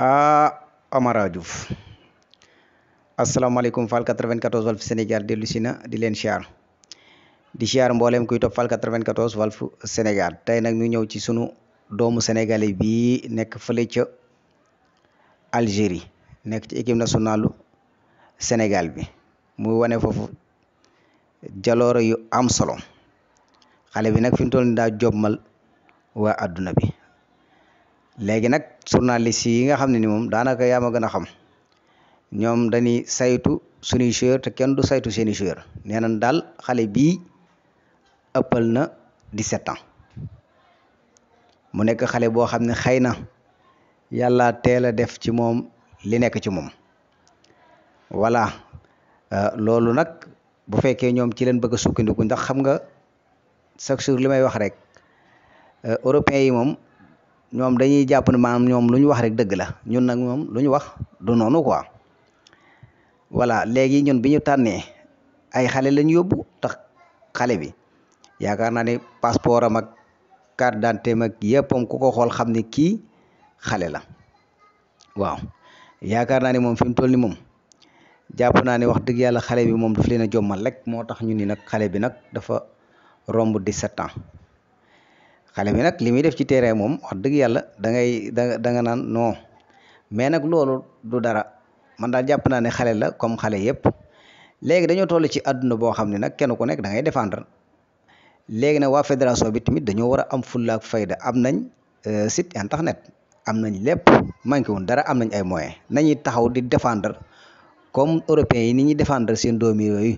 a Amara Diouf asalaamaaleykum Fall 94 Walf Sénégal dellu si na di leen siyaar di siyaar mbooleem kuy topp Fall 94 Walf Sénégal tey nag ñu ñëw ci sunu doomu sénégalais bii nekk fële ca Algérie nekk ci équipe nationalu Sénégal bi muy wane foofu jaloore yu am solo xale bi nag fi mu toll nii daa jobmal waa adduna bi léegi nag journaliste yi nga xam ne ni moom daanaka yaa ma gën a xam ñoom dañuy saytu suñuy te kenn du saytu seeni joueur nee nañ daal xale bii ëppal na 17 ans mu nekk xale boo xam ne xëy na yàlla teel a def ci moom li nekk ci moom voilà euh, loolu nag bu fekkee ñoom ci leen bëgg a sukkandiku ndax xam nga chaque jour li may wax rek euh, européens yi moom. ñoom dañuy jàpp ne maanaam ñoom lu ñu wax rek dëgg la ñun nag moom lu ñu wax du noonu quoi voilà léegi ñun bi ñu tànnee ay xale lañu yóbbu tax xale bi yaakaar naa ne passeport am ak carte d'identité am ak yëppam ku ko xool xam ne kii xale la waaw yaakaar naa ne moom fi mu toll ni moom jàpp naa ne wax dëgg yàlla xale bi moom daf leen a jommal rek moo tax ñu nii nag xale bi nag dafa romb 17 ans xale bi nag li muy def ci terrain moom wax dëgg yàlla da ngay da da naan noo mais nag loolu du dara man daal jàpp naa ne xale la comme xale yëpp léegi dañoo toll ci àdduna boo xam ne nag kenn ku nekk da ngay défendre léegi nag waa fédération bi tamit dañoo war a am fulla ak fayda am nañ euh, site internet am nañ lépp manqué woon dara am nañ ay moyens nañuy taxaw di défendre comme européens yi ni ñuy défendre seen doomi yooyu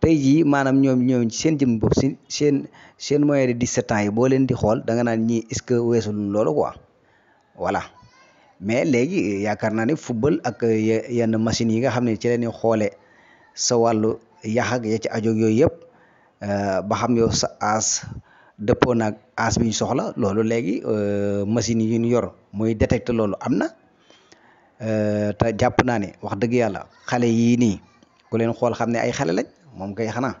tey jii maanaam ñoom ñoom seen jëm bopp si seen seen moyen de 17 ans yi boo leen di xool danga nga naan ñi est que weesu loolu quoi voilà mais léegi yaakaar naa ne football ak yenn machines yi nga xam ne ci leen xoole sa wàllu yax ak ya ci ajoog yooyu yëpp euh, ba xam yow sa as dëppoo naag as bi ñu soxla loolu léegi euh, machines yi ñu yor mooy détecte loolu am na euh, te jàpp naa ne wax dëgg yàlla xale yii nii ku leen xool xam ne ay xale lañ. moom kay xanaa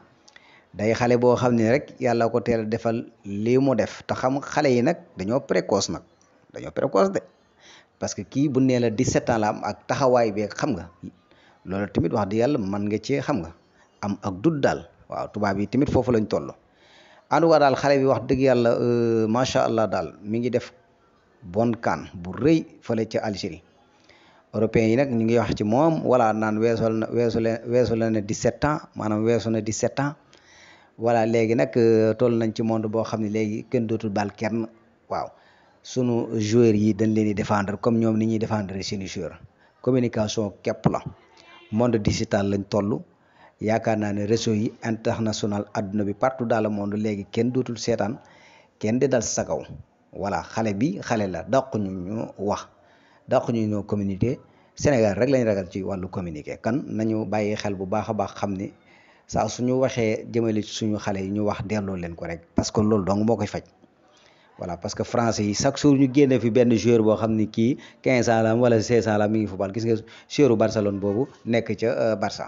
day xale boo xam ne rek yàlla ko teel a defal lii mu def te xam xale yi nag dañoo précoce nag dañoo précoce de parce que kii bu nee di 17 ans ak taxawaay beeg xam nga loolu tamit wax di yàlla man nga cee xam nga am ak dut daal waaw tubaab yi tamit foofu lañ toll. en daal xale bi wax dëgg yàlla euh, macha allah daal mi ngi def bon kaan bu rëy fële ca Algérie. européens yi nag ñu ngi wax ci moom voilà naan weesool na weesu leen weesu la ne 17 ans maanaam weesu na 17 ans voilà léegi nag euh, toll nañ ci monde boo xam ne léegi kenn dootul baal kenn waaw sunu joueurs yi dañ leen di défendre comme ñoom ni ñuy défendre seen joueur communication képp la monde digital lañ toll yaakaar naa ne réseau yi international adduna bi partout daal le monde léegi kenn dootul seetaan kenn di dal sa kaw voilà xale bi xale la dàqu ñu ñu wax. ñu ñoo communité Sénégal rek lañ ragal ci wàllu communiquer kan nañu bàyyi xel bu baax a baax xam ni saa su ñu waxee jëmale ci suñu xale yi ñu wax delloo leen ko rek parce que loolu dong moo koy faj voilà parce que français yi chaque jour ñu génne fi benn joueur boo xam ni kii 15 ans la am wala 16 ans la mi ngi football gis nga joueur Barcelone boobu nekk ca euh, Barça.